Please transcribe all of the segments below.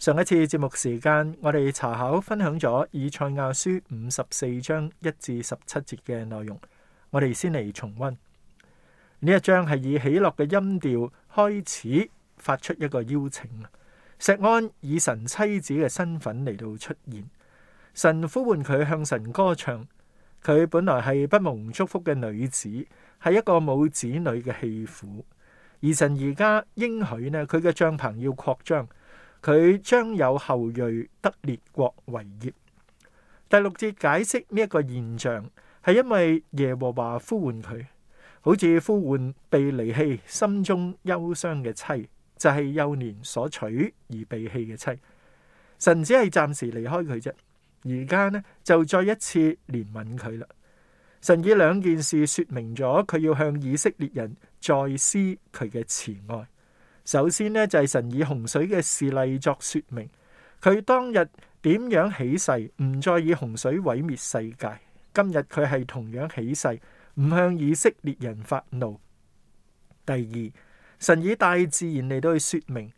上一次節目時間，我哋查考分享咗以賽亞書五十四章一至十七節嘅內容。我哋先嚟重溫呢一章，係以喜樂嘅音調開始發出一個邀請。錫安以神妻子嘅身份嚟到出現，神呼喚佢向神歌唱。佢本來係不蒙祝福嘅女子，係一個冇子女嘅棄婦，而神而家應許呢，佢嘅帳篷要擴張。佢將有後裔得列國為業。第六節解釋呢一個現象，係因為耶和華呼喚佢，好似呼喚被離棄、心中憂傷嘅妻，就係、是、幼年所娶而被棄嘅妻。神只係暫時離開佢啫，而家呢就再一次憐憫佢啦。神以兩件事說明咗，佢要向以色列人再施佢嘅慈愛。首先呢，就係神以洪水嘅事例作說明，佢當日點樣起誓唔再以洪水毀滅世界，今日佢係同樣起誓唔向以色列人發怒。第二，神以大自然嚟到去說明，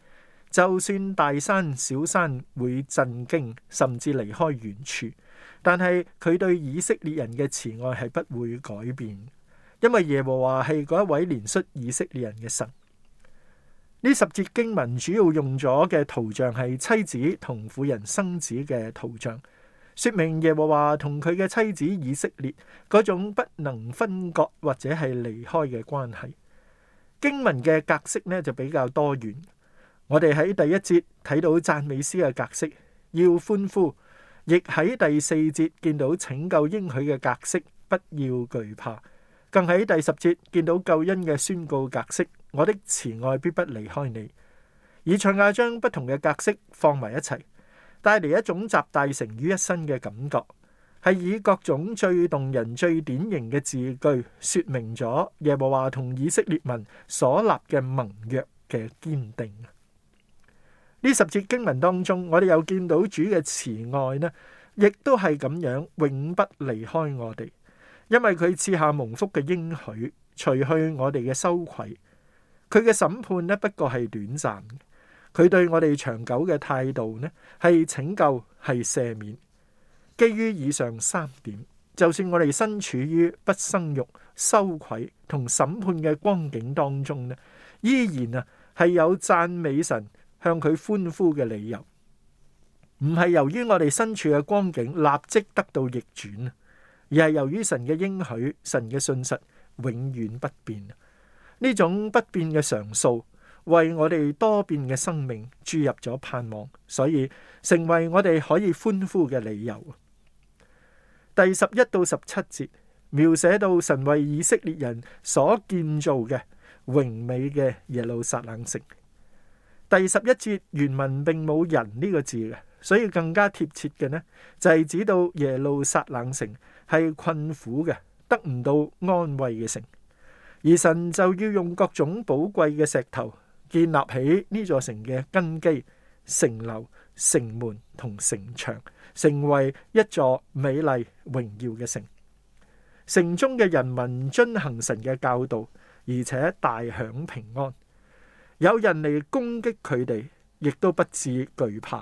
就算大山小山會震驚甚至離開遠處，但係佢對以色列人嘅慈愛係不會改變，因為耶和華係嗰一位憐恤以色列人嘅神。呢十節經文主要用咗嘅圖像係妻子同婦人生子嘅圖像，說明耶和華同佢嘅妻子以色列嗰種不能分割或者係離開嘅關係。經文嘅格式呢就比較多元，我哋喺第一節睇到讚美詩嘅格式，要歡呼，亦喺第四節見到拯救應許嘅格式，不要懼怕，更喺第十節見到救恩嘅宣告格式。我的慈愛必不離開你，以賽亞將不同嘅格式放埋一齊，帶嚟一種集大成於一身嘅感覺，係以各種最動人、最典型嘅字句說明咗耶和華同以色列民所立嘅盟約嘅堅定。呢十節經文當中，我哋又見到主嘅慈愛呢，亦都係咁樣永不離開我哋，因為佢賜下蒙福嘅應許，除去我哋嘅羞愧。佢嘅審判咧，不過係短暫；佢對我哋長久嘅態度咧，係拯救，係赦免。基於以上三點，就算我哋身處於不生育、羞愧同審判嘅光景當中咧，依然啊係有讚美神向佢歡呼嘅理由。唔係由於我哋身處嘅光景立即得到逆轉，而係由於神嘅應許，神嘅信實永遠不變。呢種不變嘅常數，為我哋多變嘅生命注入咗盼望，所以成為我哋可以歡呼嘅理由。第十一到十七節描寫到神為以色列人所建造嘅榮美嘅耶路撒冷城。第十一節原文並冇人呢個字嘅，所以更加貼切嘅呢，就係、是、指到耶路撒冷城係困苦嘅，得唔到安慰嘅城。而神就要用各種寶貴嘅石頭建立起呢座城嘅根基、城樓、城門同城牆，成為一座美麗榮耀嘅城。城中嘅人民遵行神嘅教導，而且大享平安。有人嚟攻擊佢哋，亦都不至懼怕。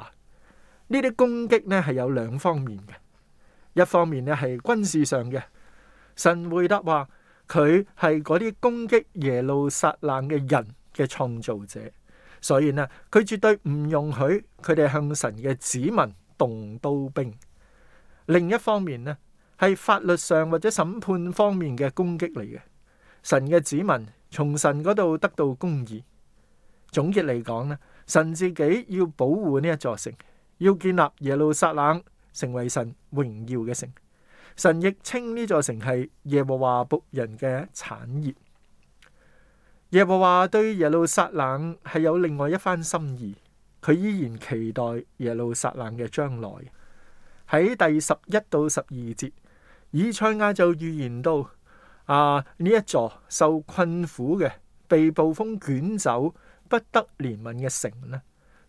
呢啲攻擊呢係有兩方面嘅，一方面呢係軍事上嘅。神回答話。佢係嗰啲攻擊耶路撒冷嘅人嘅創造者，所以呢，佢絕對唔容許佢哋向神嘅子民動刀兵。另一方面呢，係法律上或者審判方面嘅攻擊嚟嘅。神嘅子民從神嗰度得到公義。總結嚟講呢，神自己要保護呢一座城，要建立耶路撒冷成為神榮耀嘅城。神亦稱呢座城係耶和華僕人嘅產業。耶和華對耶路撒冷係有另外一番心意，佢依然期待耶路撒冷嘅將來。喺第十一到十二節，以賽亞就預言到：啊，呢一座受困苦嘅，被暴風捲走、不得憐憫嘅城呢，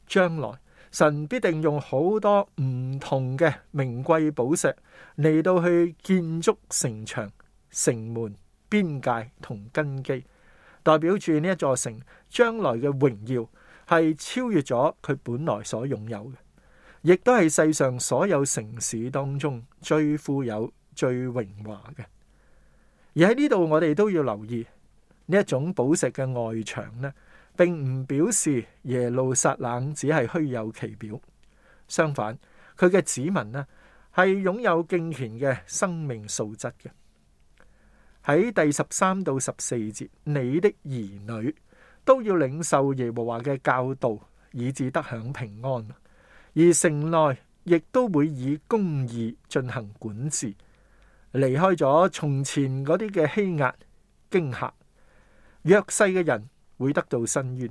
將來。神必定用好多唔同嘅名貴寶石嚟到去建築城牆、城門、邊界同根基，代表住呢一座城將來嘅榮耀係超越咗佢本來所擁有嘅，亦都係世上所有城市當中最富有、最榮華嘅。而喺呢度，我哋都要留意呢一種寶石嘅外牆呢，並唔表示耶路撒冷只係虛有其表，相反，佢嘅子民呢係擁有敬虔嘅生命素質嘅。喺第十三到十四節，你的兒女都要領受耶和華嘅教導，以致得享平安。而城內亦都會以公義進行管治，離開咗從前嗰啲嘅欺壓、驚嚇、弱勢嘅人。會得到申冤，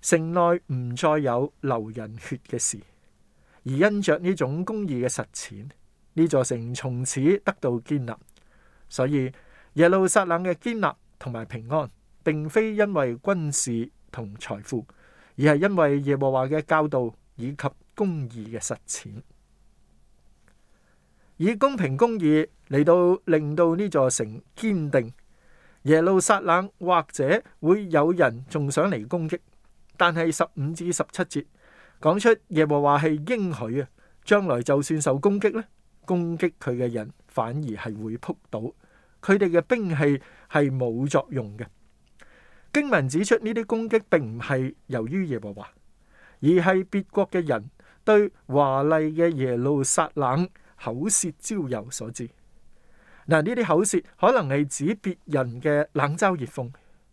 城內唔再有流人血嘅事。而因着呢種公義嘅實踐，呢座城從此得到堅立。所以耶路撒冷嘅堅立同埋平安，並非因為軍事同財富，而係因為耶和華嘅教導以及公義嘅實踐，以公平公義嚟到令到呢座城堅定。耶路撒冷或者會有人仲想嚟攻擊，但係十五至十七節講出耶和華係應許啊，將來就算受攻擊咧，攻擊佢嘅人反而係會撲倒，佢哋嘅兵器係冇作用嘅。經文指出呢啲攻擊並唔係由於耶和華，而係別國嘅人對華麗嘅耶路撒冷口舌招尤所致。嗱，呢啲口舌可能係指別人嘅冷嘲熱諷，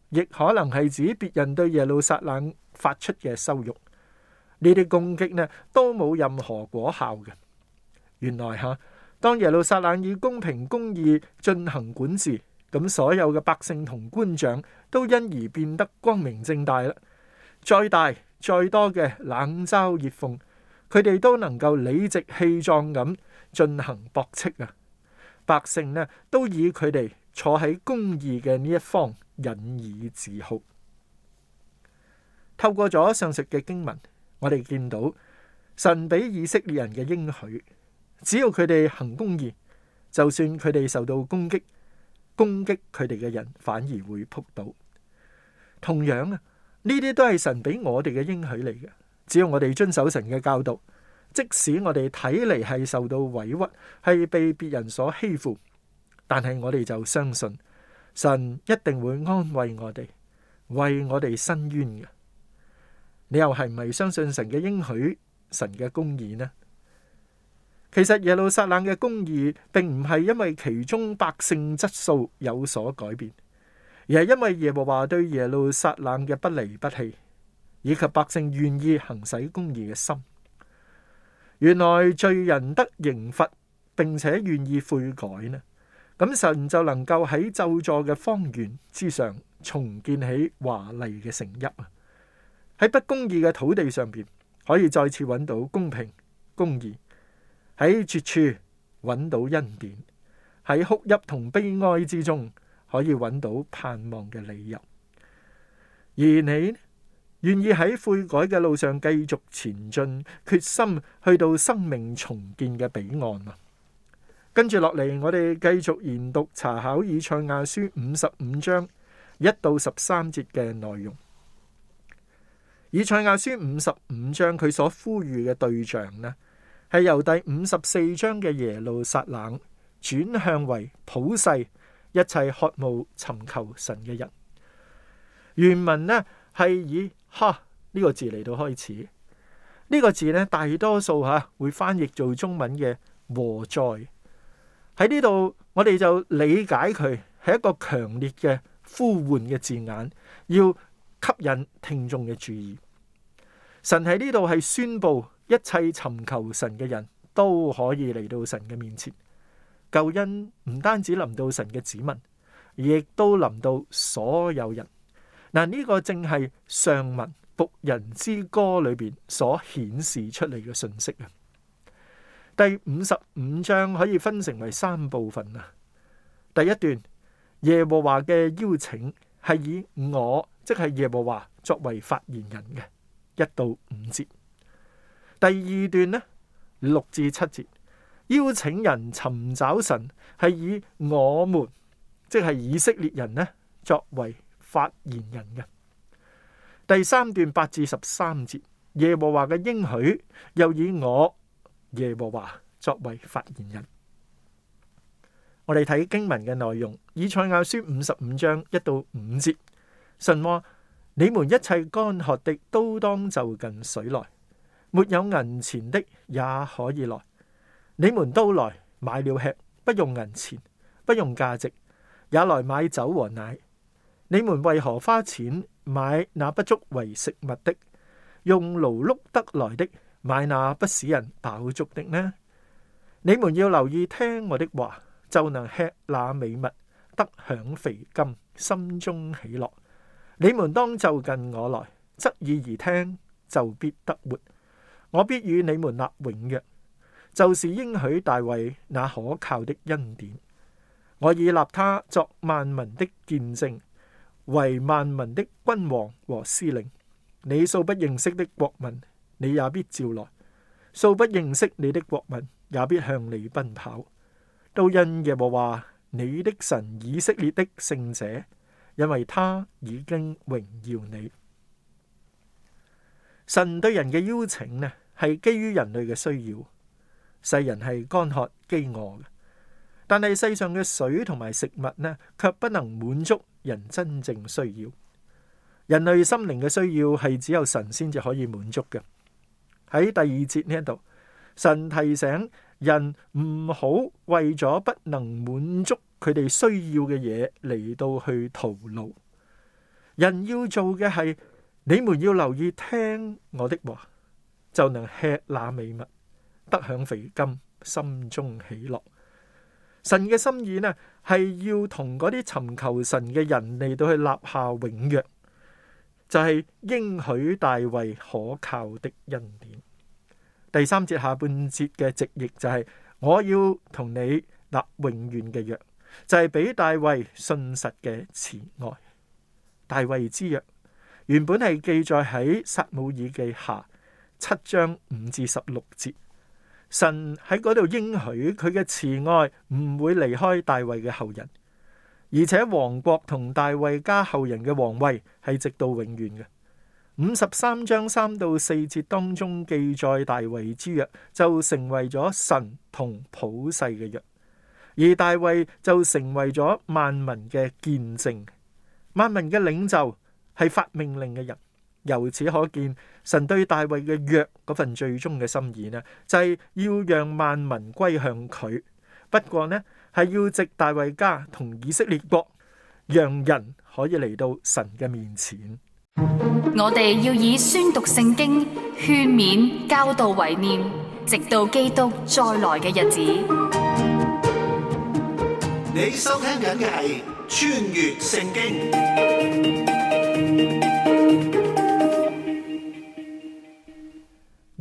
亦可能係指別人對耶路撒冷發出嘅羞辱。呢啲攻擊呢，都冇任何果效嘅。原來嚇，當耶路撒冷以公平公義進行管治，咁所有嘅百姓同官長都因而變得光明正大啦。再大再多嘅冷嘲熱諷，佢哋都能夠理直氣壯咁進行駁斥啊！百姓呢都以佢哋坐喺公義嘅呢一方引以自豪。透過咗上述嘅經文，我哋見到神俾以色列人嘅應許，只要佢哋行公義，就算佢哋受到攻擊，攻擊佢哋嘅人反而會撲倒。同樣啊，呢啲都係神俾我哋嘅應許嚟嘅，只要我哋遵守神嘅教導。即使我哋睇嚟係受到委屈，係被別人所欺負，但係我哋就相信神一定會安慰我哋，為我哋伸冤嘅。你又係唔係相信神嘅應許、神嘅公義呢？其實耶路撒冷嘅公義，並唔係因為其中百姓質素有所改變，而係因為耶和華對耶路撒冷嘅不離不棄，以及百姓願意行使公義嘅心。原來罪人得刑罰，並且願意悔改呢，咁神就能夠喺咒詛嘅荒原之上重建起華麗嘅城邑啊！喺不公義嘅土地上邊，可以再次揾到公平公義；喺絕處揾到恩典；喺哭泣同悲哀之中，可以揾到盼望嘅理由。而你呢？願意喺悔改嘅路上繼續前進，決心去到生命重建嘅彼岸啊！跟住落嚟，我哋繼續研讀查考以賽亞書五十五章一到十三節嘅內容。以賽亞書五十五章佢所呼籲嘅對象呢，係由第五十四章嘅耶路撒冷轉向為普世一切渴慕尋求神嘅人。原文呢係以。哈呢、這個字嚟到開始呢、這個字呢，大多數吓會翻譯做中文嘅和在。喺呢度，我哋就理解佢係一個強烈嘅呼喚嘅字眼，要吸引聽眾嘅注意。神喺呢度係宣布，一切尋求神嘅人都可以嚟到神嘅面前。救恩唔單止臨到神嘅子民，亦都臨到所有人。嗱，呢個正係上文僕人之歌裏邊所顯示出嚟嘅信息啊！第五十五章可以分成為三部分啊。第一段，耶和華嘅邀請係以我，即係耶和華作為發言人嘅一到五節。第二段咧，六至七節，邀請人尋找神係以我們，即係以色列人咧作為。發言人嘅。第三段，八至十三節，耶和華嘅應許又以我耶和華作為發言人。我哋睇經文嘅內容，以賽亞書五十五章一到五節：神話，你們一切乾渴的都當就近水來；沒有銀錢的也可以來，你們都來買了吃，不用銀錢，不用價值，也來買酒和奶。你們為何花錢買那不足為食物的，用勞碌得來的買那不使人飽足的呢？你們要留意聽我的話，就能吃那美物，得享肥甘，心中喜樂。你們當就近我來，側耳而聽，就必得活。我必與你們立永約，就是應許大衛那可靠的恩典。我已立他作萬民的見證。為萬民的君王和司令，你素不認識的國民，你也必召來；素不認識你的國民，也必向你奔跑。都因耶和華你的神以色列的聖者，因為他已經榮耀你。神對人嘅邀請呢，係基於人類嘅需要。世人係乾渴飢餓嘅，但係世上嘅水同埋食物呢，卻不能滿足。人真正需要，人類心靈嘅需要係只有神先至可以滿足嘅。喺第二節呢度，神提醒人唔好為咗不能滿足佢哋需要嘅嘢嚟到去徒勞。人要做嘅係，你們要留意聽我的話，就能吃那美物，得享肥甘，心中喜樂。神嘅心意呢，係要同嗰啲尋求神嘅人嚟到去立下永約，就係、是、應許大衛可靠的恩典。第三節下半節嘅直譯就係、是：我要同你立永遠嘅約，就係、是、俾大衛信實嘅慈愛。大衛之約原本係記載喺撒母耳記下七章五至十六節。神喺嗰度應許佢嘅慈愛唔會離開大衛嘅後人，而且王國同大衛加後人嘅王位係直到永遠嘅。五十三章三到四節當中記載大衛之約就成為咗神同普世嘅約，而大衛就成為咗萬民嘅見證，萬民嘅領袖係發命令嘅人。由此可見，神對大衛嘅約嗰份最終嘅心意呢，就係要讓萬民歸向佢。不過呢，係要藉大衛家同以色列國，讓人可以嚟到神嘅面前。我哋要以宣讀聖經、勸勉、教導為念，直到基督再來嘅日子。你收聽緊嘅係《穿越聖經》。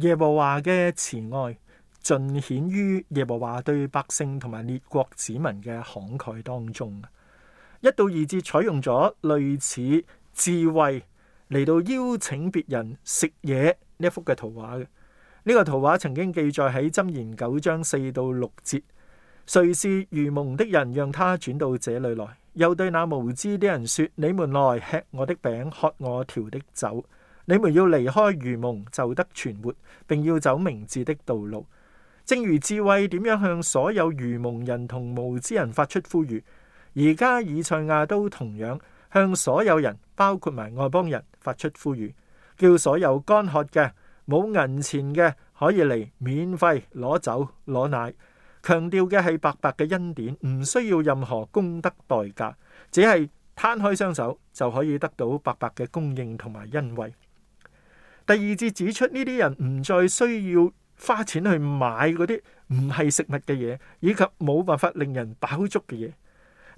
耶和華嘅慈愛盡顯於耶和華對百姓同埋列國子民嘅慷慨當中。一到二節採用咗類似智慧嚟到邀請別人食嘢呢幅嘅圖畫嘅。呢個圖畫曾經記載喺《箴言》九章四到六節。誰是愚蒙的人？讓他轉到這裏來。又對那無知的人說：你們來吃我的餅，喝我調的酒。你們要離開愚蒙，就得存活，並要走明智的道路。正如智慧點樣向所有愚蒙人同無知人發出呼籲，而家以賽亞都同樣向所有人，包括埋外邦人，發出呼籲，叫所有乾渴嘅、冇銀錢嘅，可以嚟免費攞酒攞奶。強調嘅係白白嘅恩典，唔需要任何功德代價，只係攤開雙手就可以得到白白嘅供應同埋恩惠。第二節指出呢啲人唔再需要花錢去買嗰啲唔係食物嘅嘢，以及冇辦法令人飽足嘅嘢。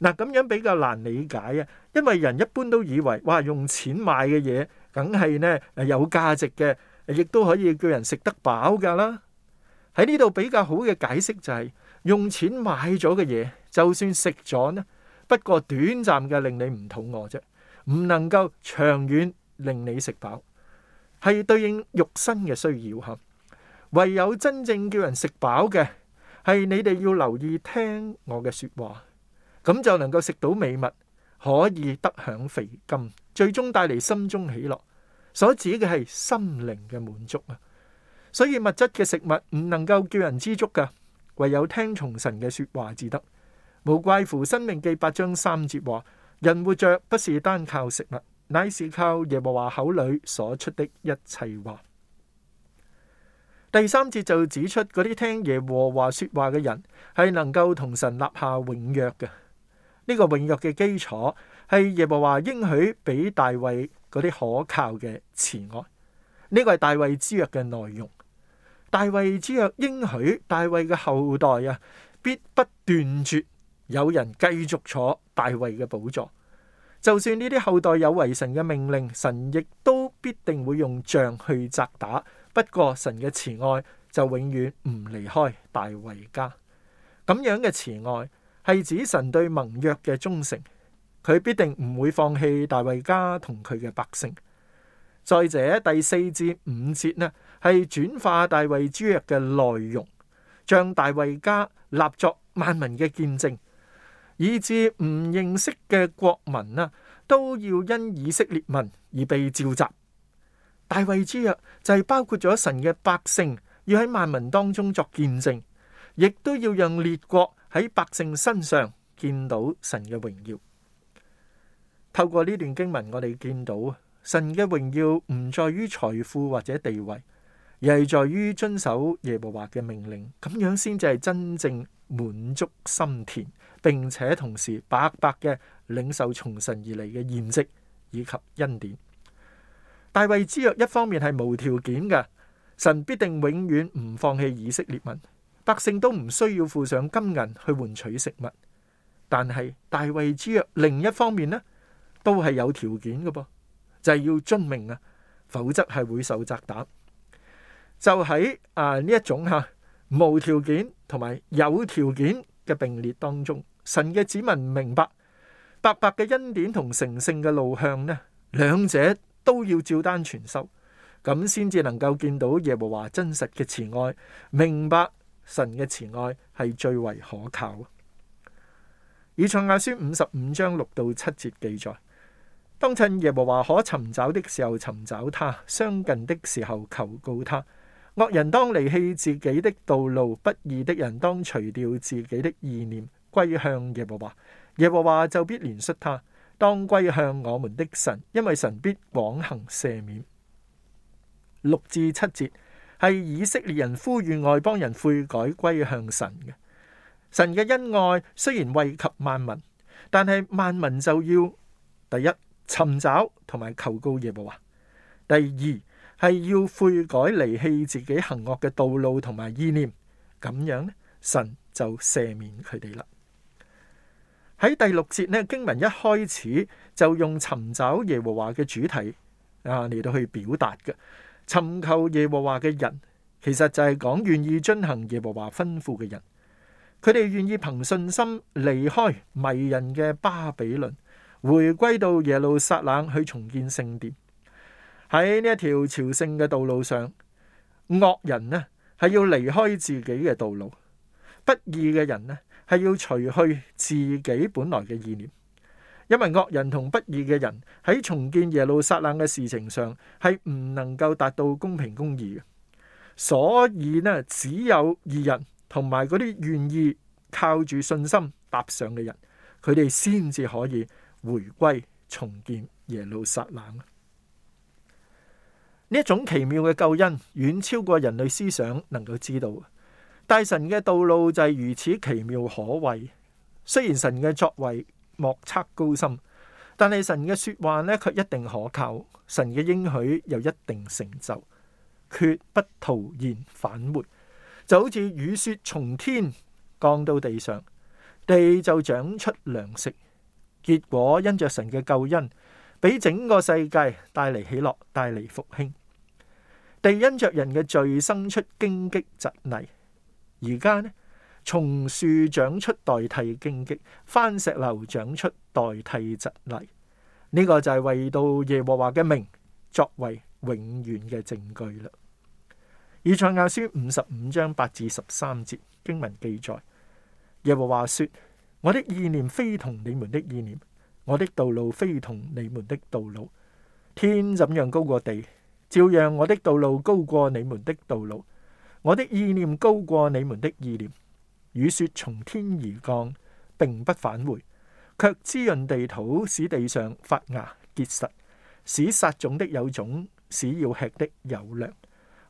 嗱，咁樣比較難理解啊，因為人一般都以為，哇，用錢買嘅嘢梗係呢有價值嘅，亦都可以叫人食得飽㗎啦。喺呢度比較好嘅解釋就係，用錢買咗嘅嘢，就算食咗呢，不過短暫嘅令你唔肚餓啫，唔能夠長遠令你食飽。係對應肉身嘅需要哈，唯有真正叫人食飽嘅，係你哋要留意聽我嘅說話，咁就能夠食到美物，可以得享肥甘，最終帶嚟心中喜樂。所指嘅係心靈嘅滿足啊，所以物質嘅食物唔能夠叫人知足噶，唯有聽從神嘅說話至得。無怪乎《申命記》八章三節話：人活着不是單靠食物。乃是靠耶和華口裏所出的一切話。第三節就指出嗰啲聽耶和華說話嘅人，係能夠同神立下永約嘅。呢個永約嘅基礎係耶和華應許俾大衛嗰啲可靠嘅慈愛。呢個係大衛之約嘅內容。大衛之約應許大衛嘅後代啊，必不斷絕，有人繼續坐大衛嘅寶座。就算呢啲後代有違神嘅命令，神亦都必定會用杖去責打。不過神嘅慈愛就永遠唔離開大衛家。咁樣嘅慈愛係指神對盟約嘅忠誠，佢必定唔會放棄大衛家同佢嘅百姓。再者第四至五節呢，係轉化大衛之約嘅內容，將大衛家立作萬民嘅見證。以至唔認識嘅國民啊，都要因以色列民而被召集。大衛之約就係、是、包括咗神嘅百姓要喺萬民當中作見證，亦都要讓列國喺百姓身上見到神嘅榮耀。透過呢段經文，我哋見到神嘅榮耀唔在於財富或者地位，而係在於遵守耶和華嘅命令，咁樣先至係真正滿足心田。並且同時白白嘅領受從神而嚟嘅恩賜以及恩典。大衛之約一方面係無條件嘅，神必定永遠唔放棄以色列民，百姓都唔需要付上金銀去換取食物。但係大衛之約另一方面呢，都係有條件嘅噃，就係、是、要遵命啊，否則係會受責打。就喺啊呢一種吓、啊、無條件同埋有條件嘅並列當中。神嘅子民明白白白嘅恩典同成聖嘅路向呢，兩者都要照單全收，咁先至能夠見到耶和華真實嘅慈愛，明白神嘅慈愛係最為可靠。以賽亞書五十五章六到七節記載：當趁耶和華可尋找的時候尋找他，相近的時候求告他。惡人當離棄自己的道路，不義的人當除掉自己的意念。歸向耶和華，耶和華就必憐恤他。當歸向我們的神，因為神必廣行赦免。六至七節係以色列人呼籲外邦人悔改歸向神嘅。神嘅恩愛，雖然惠及萬民，但係萬民就要第一尋找同埋求告耶和華；第二係要悔改，離棄自己行惡嘅道路同埋意念，咁樣呢，神就赦免佢哋啦。喺第六節咧，經文一開始就用尋找耶和華嘅主題啊嚟到去表達嘅。尋求耶和華嘅人，其實就係講願意遵行耶和華吩咐嘅人。佢哋願意憑信心離開迷人嘅巴比倫，回歸到耶路撒冷去重建聖殿。喺呢一條朝聖嘅道路上，惡人咧係要離開自己嘅道路，不義嘅人咧，係要除去自己本來嘅意念，因為惡人同不義嘅人喺重建耶路撒冷嘅事情上係唔能夠達到公平公義嘅，所以呢，只有義人同埋嗰啲願意靠住信心踏上嘅人，佢哋先至可以回歸重建耶路撒冷。呢一種奇妙嘅救恩，遠超過人類思想能夠知道。大神嘅道路就係如此奇妙可畏。雖然神嘅作為莫測高深，但係神嘅說話咧，卻一定可靠。神嘅應許又一定成就，決不徒然返回。就好似雨雪從天降到地上，地就長出糧食。結果因着神嘅救恩，俾整個世界帶嚟喜樂，帶嚟復興。地因着人嘅罪生出荊棘、蒺藜。而家呢？松樹長出代替荊棘，番石榴長出代替蒺藜，呢、這個就係為到耶和華嘅名作為永遠嘅證據啦。以賽亞書五十五章八至十三節經文記載：耶和華說，我的意念非同你們的意念，我的道路非同你們的道路。天怎樣高過地，照樣我的道路高過你們的道路。我的意念高過你們的意念，雨雪從天而降，並不返回，卻滋潤地土，使地上發芽結實，使殺種的有種，使要吃的有糧。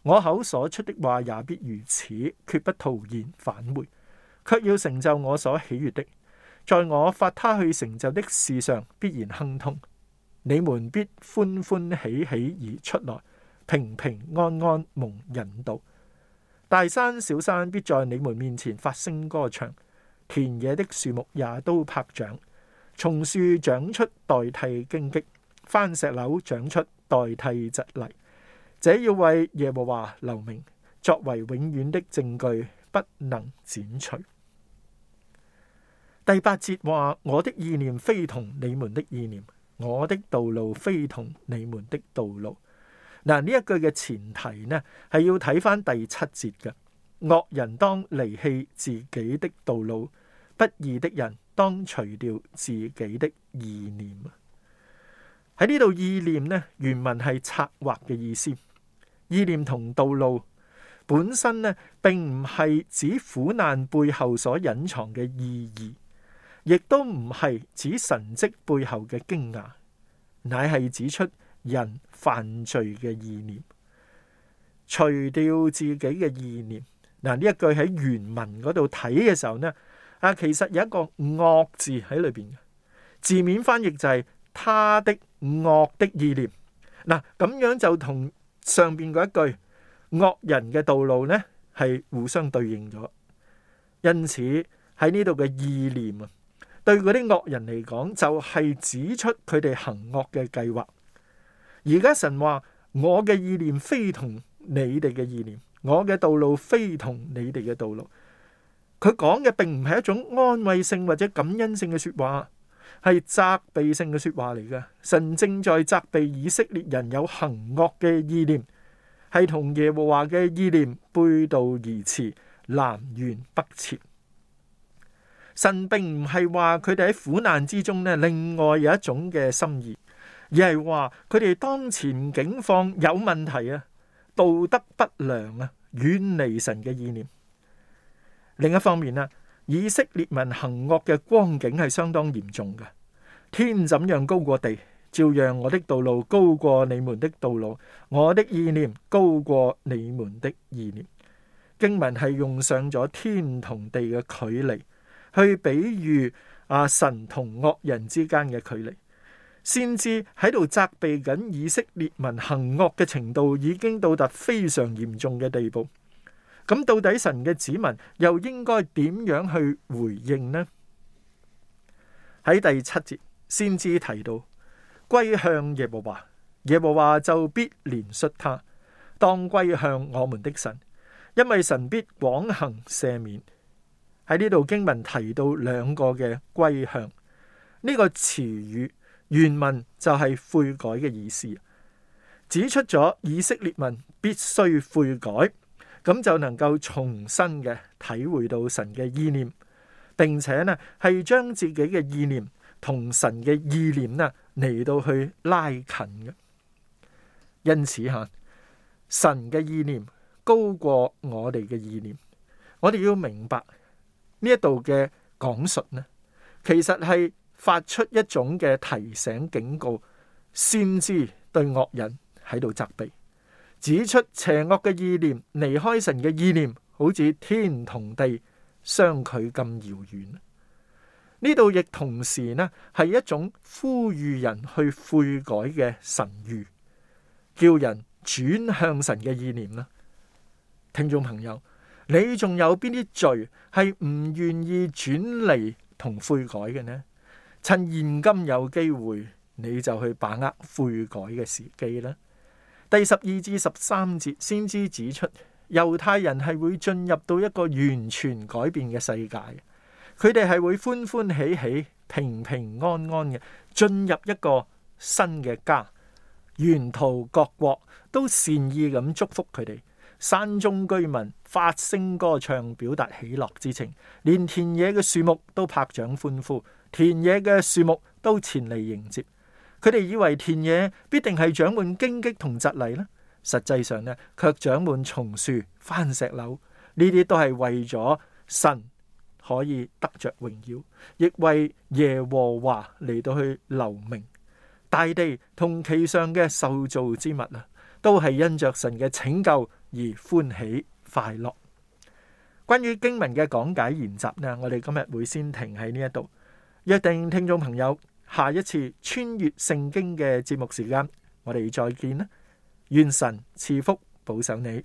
我口所出的話也必如此，決不徒然返回，卻要成就我所喜悅的，在我發他去成就的事上必然亨通。你們必歡歡喜喜而出來，平平安安蒙引導。大山小山必在你們面前發聲歌唱，田野的樹木也都拍掌，松樹長出代替荊棘，番石榴長出代替蒺藜，這要為耶和華留名，作為永遠的證據，不能剪除。第八節話：我的意念非同你們的意念，我的道路非同你們的道路。嗱，呢一句嘅前提呢，係要睇翻第七節嘅惡人當離棄自己的道路，不義的人當除掉自己的意念。喺呢度意念呢，原文係策劃嘅意思。意念同道路本身呢，並唔係指苦難背後所隱藏嘅意義，亦都唔係指神蹟背後嘅驚訝，乃係指出。人犯罪嘅意念，除掉自己嘅意念。嗱，呢一句喺原文嗰度睇嘅時候呢，啊，其實有一個惡字喺裏邊嘅字面翻譯，就係他的惡的意念。嗱，咁樣就同上邊嗰一句惡人嘅道路呢，係互相對應咗。因此喺呢度嘅意念啊，對嗰啲惡人嚟講，就係指出佢哋行惡嘅計劃。而家神話我嘅意念非同你哋嘅意念，我嘅道路非同你哋嘅道路。佢講嘅並唔係一種安慰性或者感恩性嘅說話，係責備性嘅說話嚟嘅。神正在責備以色列人有行惡嘅意念，係同耶和華嘅意念背道而馳，南轅北轍。神並唔係話佢哋喺苦難之中咧，另外有一種嘅心意。而係話佢哋當前境況有問題啊，道德不良啊，遠離神嘅意念。另一方面啊，以色列民行惡嘅光景係相當嚴重㗎。天怎樣高過地，照樣我的道路高過你們的道路，我的意念高過你們的意念。經文係用上咗天同地嘅距離去比喻啊，神同惡人之間嘅距離。先知喺度責備緊以色列民行惡嘅程度已經到達非常嚴重嘅地步。咁到底神嘅子民又應該點樣去回應呢？喺第七節先知提到歸向耶和華，耶和華就必憐恤他，當歸向我們的神，因為神必廣行赦免。喺呢度經文提到兩個嘅歸向呢個詞語。原文就係悔改嘅意思，指出咗以色列民必須悔改，咁就能夠重新嘅體會到神嘅意念，並且呢係將自己嘅意念同神嘅意念呢嚟到去拉近嘅。因此吓，神嘅意念高過我哋嘅意念，我哋要明白呢一度嘅講述呢，其實係。發出一種嘅提醒、警告，先知對惡人喺度責備，指出邪惡嘅意念離開神嘅意念，好似天同地相距咁遙遠。呢度亦同時呢係一種呼籲人去悔改嘅神諭，叫人轉向神嘅意念啦。聽眾朋友，你仲有邊啲罪係唔願意轉離同悔改嘅呢？趁現今有機會，你就去把握悔改嘅時機啦。第十二至十三節，先知指出，猶太人係會進入到一個完全改變嘅世界，佢哋係會歡歡喜喜、平平安安嘅進入一個新嘅家。沿途各國都善意咁祝福佢哋，山中居民發聲歌唱，表達喜樂之情，連田野嘅樹木都拍掌歡呼。田野嘅樹木都前嚟迎接，佢哋以為田野必定係長滿荊棘同蒺藜啦，實際上咧卻長滿松樹、番石榴，呢啲都係為咗神可以得着榮耀，亦為耶和華嚟到去留名。大地同其上嘅受造之物啊，都係因着神嘅拯救而歡喜快樂。關於經文嘅講解研習咧，我哋今日會先停喺呢一度。約定聽眾朋友，下一次穿越聖經嘅節目時間，我哋再見啦！願神賜福保守你。